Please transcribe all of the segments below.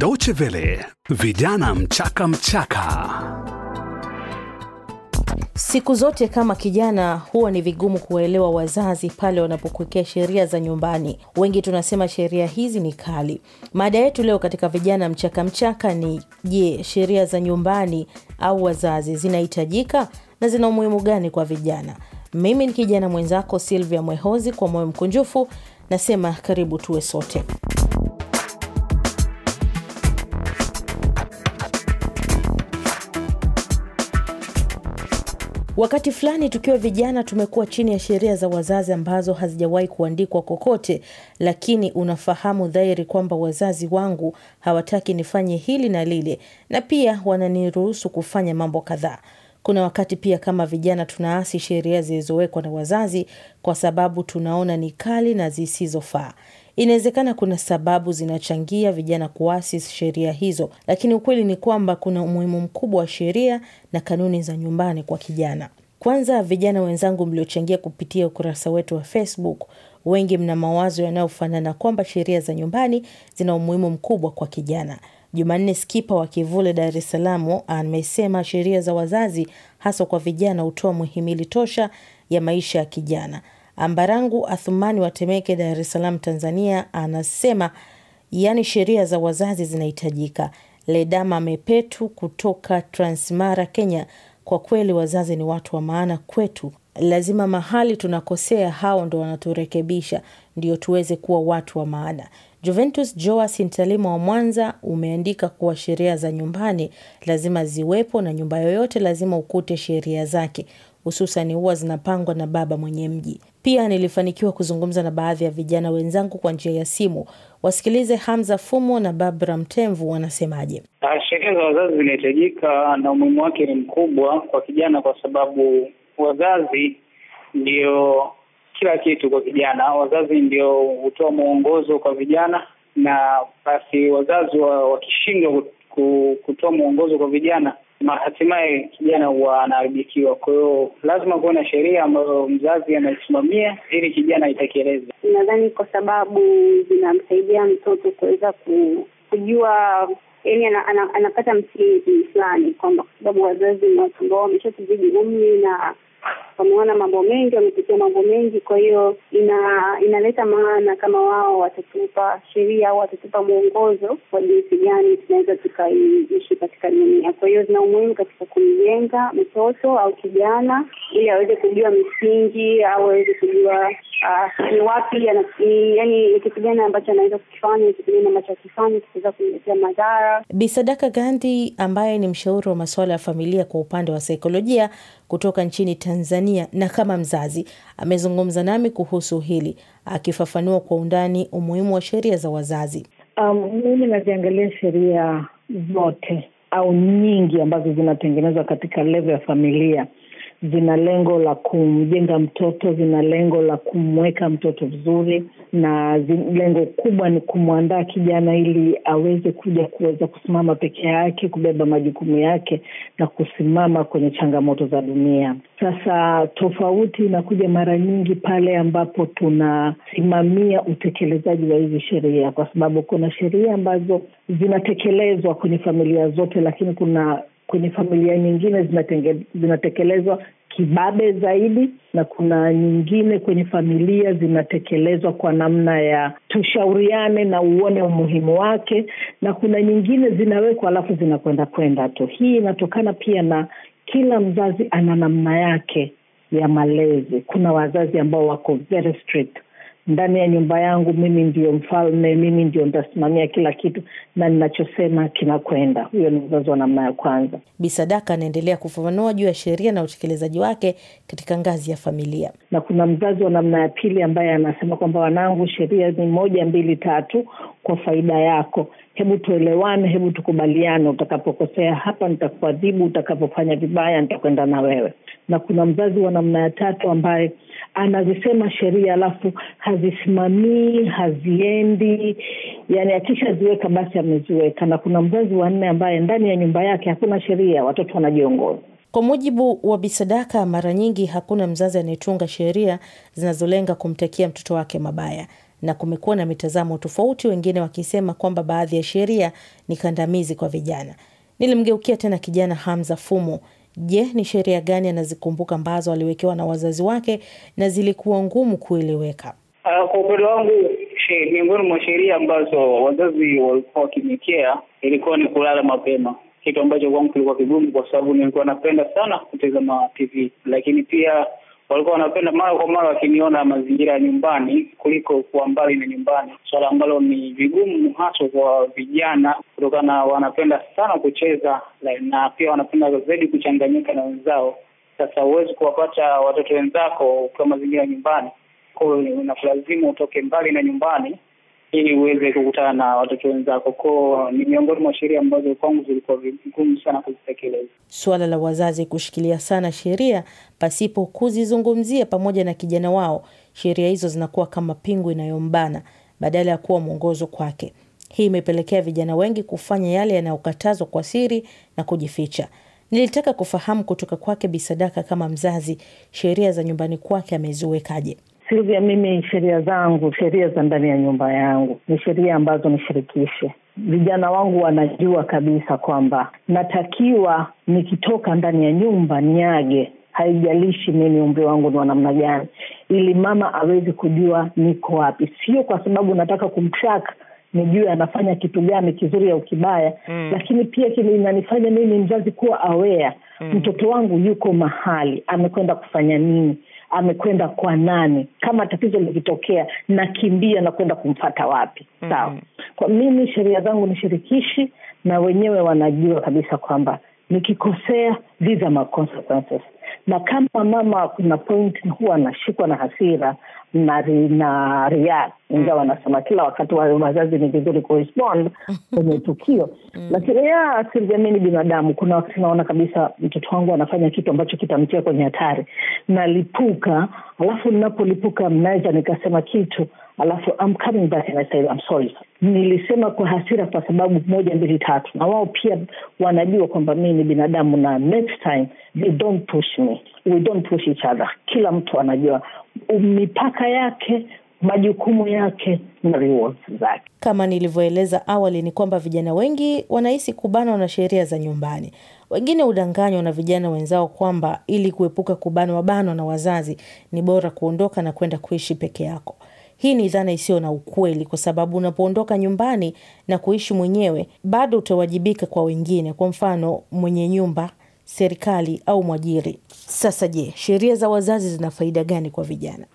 Deutsche Welle, vijana mchaka mchaka. Siku zote kama kijana, huwa ni vigumu kuwaelewa wazazi pale wanapokuwekea sheria za nyumbani. Wengi tunasema sheria hizi ni kali. Mada yetu leo katika vijana mchaka mchaka ni je, sheria za nyumbani au wazazi zinahitajika na zina umuhimu gani kwa vijana? Mimi ni kijana mwenzako Silvia Mwehozi, kwa moyo mkunjufu nasema karibu tuwe sote. Wakati fulani tukiwa vijana tumekuwa chini ya sheria za wazazi ambazo hazijawahi kuandikwa kokote, lakini unafahamu dhahiri kwamba wazazi wangu hawataki nifanye hili na lile, na pia wananiruhusu kufanya mambo kadhaa. Kuna wakati pia kama vijana tunaasi sheria zilizowekwa na wazazi kwa sababu tunaona ni kali na zisizofaa. Inawezekana kuna sababu zinachangia vijana kuasi sheria hizo, lakini ukweli ni kwamba kuna umuhimu mkubwa wa sheria na kanuni za nyumbani kwa kijana. Kwanza, vijana wenzangu mliochangia kupitia ukurasa wetu wa Facebook, wengi mna mawazo yanayofanana kwamba sheria za nyumbani zina umuhimu mkubwa kwa kijana. Jumanne Skipa wa Kivule, Dar es Salaam, amesema sheria za wazazi, haswa kwa vijana, hutoa muhimili tosha ya maisha ya kijana. Ambarangu Athumani wa Temeke, Dar es Salaam, Tanzania, anasema yani sheria za wazazi zinahitajika. Ledama Mepetu kutoka Transmara, Kenya, kwa kweli wazazi ni watu wa maana kwetu, lazima mahali tunakosea hao ndo wanaturekebisha, ndio tuweze kuwa watu wa maana. Juventus Joas Ntalima wa Mwanza umeandika kuwa sheria za nyumbani lazima ziwepo, na nyumba yoyote lazima ukute sheria zake hususani huwa zinapangwa na baba mwenye mji. Pia nilifanikiwa kuzungumza na baadhi ya vijana wenzangu kwa njia ya simu. Wasikilize Hamza Fumo na Babra Mtemvu wanasemaje. Ah, sherehe za wazazi zinahitajika na umuhimu wake ni mkubwa kwa kijana, kwa sababu wazazi ndio kila kitu kwa vijana. Wazazi ndio hutoa mwongozo kwa vijana, na basi wazazi wakishindwa kutoa mwongozo kwa vijana na hatimaye kijana wanaharibikiwa. Kwa hiyo lazima kuwe na sheria ambayo mzazi anaisimamia ili kijana aitekeleze. Nadhani kwa sababu zinamsaidia mtoto kuweza kujua yaani anapata msingi fulani kwamba kwa sababu wazazi ni watu ambao wameshatuzidi umri na wameona mambo mengi, wamepitia mambo mengi. Kwa hiyo ina inaleta maana kama wao watatupa sheria au watatupa mwongozo wa jinsi gani tunaweza tukaishi katika dunia. Kwa hiyo zina umuhimu katika kumjenga mtoto au kijana, ili aweze kujua misingi au aweze kujua Uh, ni wapi yaani ni kitu gani ambacho anaweza kukifanya, ni kitu gani ambacho akifanya kitaweza kumletea madhara. Bi Sadaka Gandhi ambaye ni mshauri wa masuala ya familia kwa upande wa saikolojia kutoka nchini Tanzania na kama mzazi amezungumza nami kuhusu hili, akifafanua kwa undani umuhimu wa sheria za wazazi. Um, mimi naziangalia sheria zote au nyingi ambazo zinatengenezwa katika levo ya familia zina lengo la kumjenga mtoto, zina lengo la kumweka mtoto vizuri, na lengo kubwa ni kumwandaa kijana ili aweze kuja kuweza kusimama peke yake, kubeba majukumu yake na kusimama kwenye changamoto za dunia. Sasa tofauti inakuja mara nyingi pale ambapo tunasimamia utekelezaji wa hizi sheria, kwa sababu kuna sheria ambazo zinatekelezwa kwenye familia zote, lakini kuna kwenye familia nyingine zinatekelezwa kibabe zaidi na kuna nyingine kwenye familia zinatekelezwa kwa namna ya tushauriane na uone umuhimu wake na kuna nyingine zinawekwa alafu zinakwenda kwenda tu hii inatokana pia na kila mzazi ana namna yake ya malezi kuna wazazi ambao wako very strict ndani ya nyumba yangu mimi ndio mfalme mimi ndio ntasimamia kila kitu na ninachosema kinakwenda huyo ni mzazi wa namna ya kwanza bisadaka anaendelea kufafanua juu ya sheria na utekelezaji wake katika ngazi ya familia na kuna mzazi wa namna ya pili ambaye anasema kwamba wanangu sheria ni moja mbili tatu kwa faida yako hebu tuelewane hebu tukubaliane utakapokosea hapa nitakuadhibu utakapofanya vibaya nitakwenda na wewe na kuna mzazi wa namna ya tatu ambaye anazisema sheria alafu hazisimamii haziendi yani akishaziweka basi ameziweka na kuna mzazi wa nne ambaye ndani ya nyumba yake hakuna sheria watoto wanajiongoza kwa mujibu wa Bisadaka, mara nyingi hakuna mzazi anayetunga sheria zinazolenga kumtakia mtoto wake mabaya na kumekuwa na mitazamo tofauti, wengine wakisema kwamba baadhi ya sheria ni kandamizi kwa vijana. Nilimgeukia tena kijana Hamza Fumo. Je, ni sheria gani anazikumbuka ambazo aliwekewa na wazazi wake na zilikuwa ngumu kueleweka? Uh, kwa upande wangu miongoni mwa sheria ambazo wazazi walikuwa wakiniekea ilikuwa ni kulala mapema, kitu ambacho kwangu kilikuwa kigumu, kwa sababu nilikuwa napenda sana kutazama TV, lakini pia walikuwa wanapenda mara kwa mara wakiniona mazingira ya nyumbani kuliko kuwa mbali na nyumbani, swala ambalo ni vigumu haswa kwa vijana, kutokana wanapenda sana kucheza na pia wanapenda zaidi kuchanganyika na wenzao. Sasa huwezi kuwapata watoto wenzako ukiwa mazingira ya nyumbani, kwa hiyo inakulazimu utoke mbali na nyumbani ili uweze kukutana na watoto wenzako. ko ni miongoni mwa sheria ambazo kwangu zilikuwa vigumu sana kuzitekeleza. Suala la wazazi kushikilia sana sheria pasipo kuzizungumzia pamoja na kijana wao, sheria hizo zinakuwa kama pingu inayombana badala ya kuwa mwongozo kwake. Hii imepelekea vijana wengi kufanya yale yanayokatazwa kwa siri na kujificha. Nilitaka kufahamu kutoka kwake Bisadaka, kama mzazi, sheria za nyumbani kwake ameziwekaje? Silvia, mimi sheria zangu, sheria za ndani ya nyumba yangu ni sheria ambazo nishirikishe vijana wangu wanajua kabisa kwamba natakiwa nikitoka ndani ya nyumba niage, haijalishi mimi umri wangu ni wa namna gani, ili mama awezi kujua niko wapi. Sio kwa sababu nataka kumtrack nijue anafanya kitu gani kizuri au kibaya mm. Lakini pia inanifanya mimi mzazi kuwa aware mm. Mtoto wangu yuko mahali amekwenda kufanya nini, amekwenda kwa nani kama tatizo likitokea nakimbia na kwenda kumfata wapi mm-hmm. sawa kwa mimi sheria zangu ni shirikishi na wenyewe wanajua kabisa kwamba nikikosea these are my consequences na kama mama kuna point huwa anashikwa na hasira na, ri, na react mm. ingawa wanasema kila wakati wa wazazi ni vizuri kurespond kwenye tukio mm. lakini ya sijamini binadamu kuna wakati naona kabisa mtoto wangu anafanya kitu ambacho kitamtia kwenye hatari nalipuka alafu ninapolipuka mnaweza nikasema kitu alafu I'm coming back and I say, I'm sorry nilisema kwa hasira kwa sababu moja mbili tatu na wao pia wanajua kwamba mii ni binadamu na next next time you don't push me we don't push each other kila mtu anajua mipaka yake majukumu yake na rewards zake. Kama nilivyoeleza awali, ni kwamba vijana wengi wanahisi kubanwa na sheria za nyumbani. Wengine hudanganywa na vijana wenzao kwamba ili kuepuka kubanwa banwa na wazazi ni bora kuondoka na kwenda kuishi peke yako. Hii ni dhana isiyo na ukweli, kwa sababu unapoondoka nyumbani na kuishi mwenyewe, bado utawajibika kwa wengine. Kwa mfano, mwenye nyumba serikali au mwajiri. Sasa je, sheria za wazazi zina faida gani kwa vijana?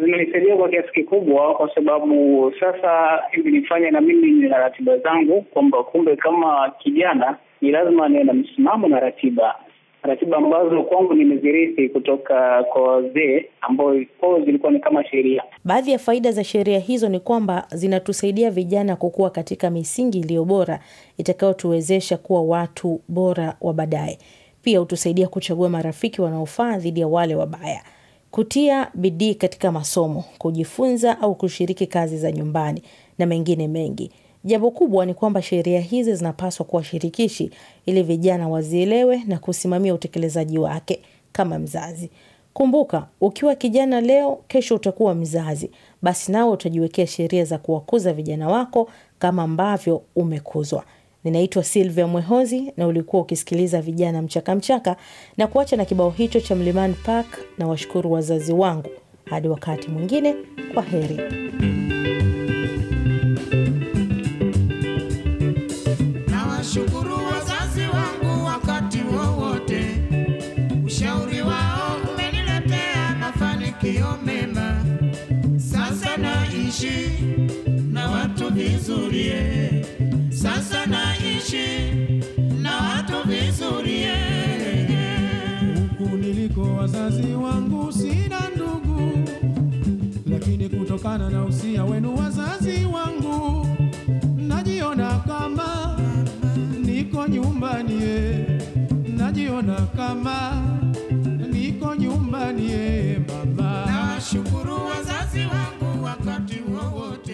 Zimenisaidia kwa kiasi kikubwa, kwa sababu sasa hivi nifanye na mimi nina ratiba zangu, kwamba kumbe kama kijana ni lazima niwe na msimamo na ratiba ratiba ambazo kwangu nimezirithi kutoka kwa wazee ambao kwao zilikuwa ni kama sheria. Baadhi ya faida za sheria hizo ni kwamba zinatusaidia vijana kukua katika misingi iliyo bora itakayotuwezesha kuwa watu bora wa baadaye. Pia hutusaidia kuchagua marafiki wanaofaa dhidi ya wale wabaya. Kutia bidii katika masomo, kujifunza au kushiriki kazi za nyumbani na mengine mengi. Jambo kubwa ni kwamba sheria hizi zinapaswa kuwa shirikishi ili vijana wazielewe na kusimamia utekelezaji wake kama mzazi. Kumbuka, ukiwa kijana leo, kesho utakuwa mzazi. Basi nawe utajiwekea sheria za kuwakuza vijana wako kama ambavyo umekuzwa. Ninaitwa Silvia Mwehozi na ulikuwa ukisikiliza Vijana mchaka mchaka na kuacha na kibao hicho cha Mlimani Park na washukuru wazazi wangu. Hadi wakati mwingine, kwa heri. kutokana na usia wenu wazazi wangu, najiona kama niko nyumbani ye, eh. najiona kama niko nyumbani ye. Eh, Baba, Nashukuru wazazi wangu wakati wowote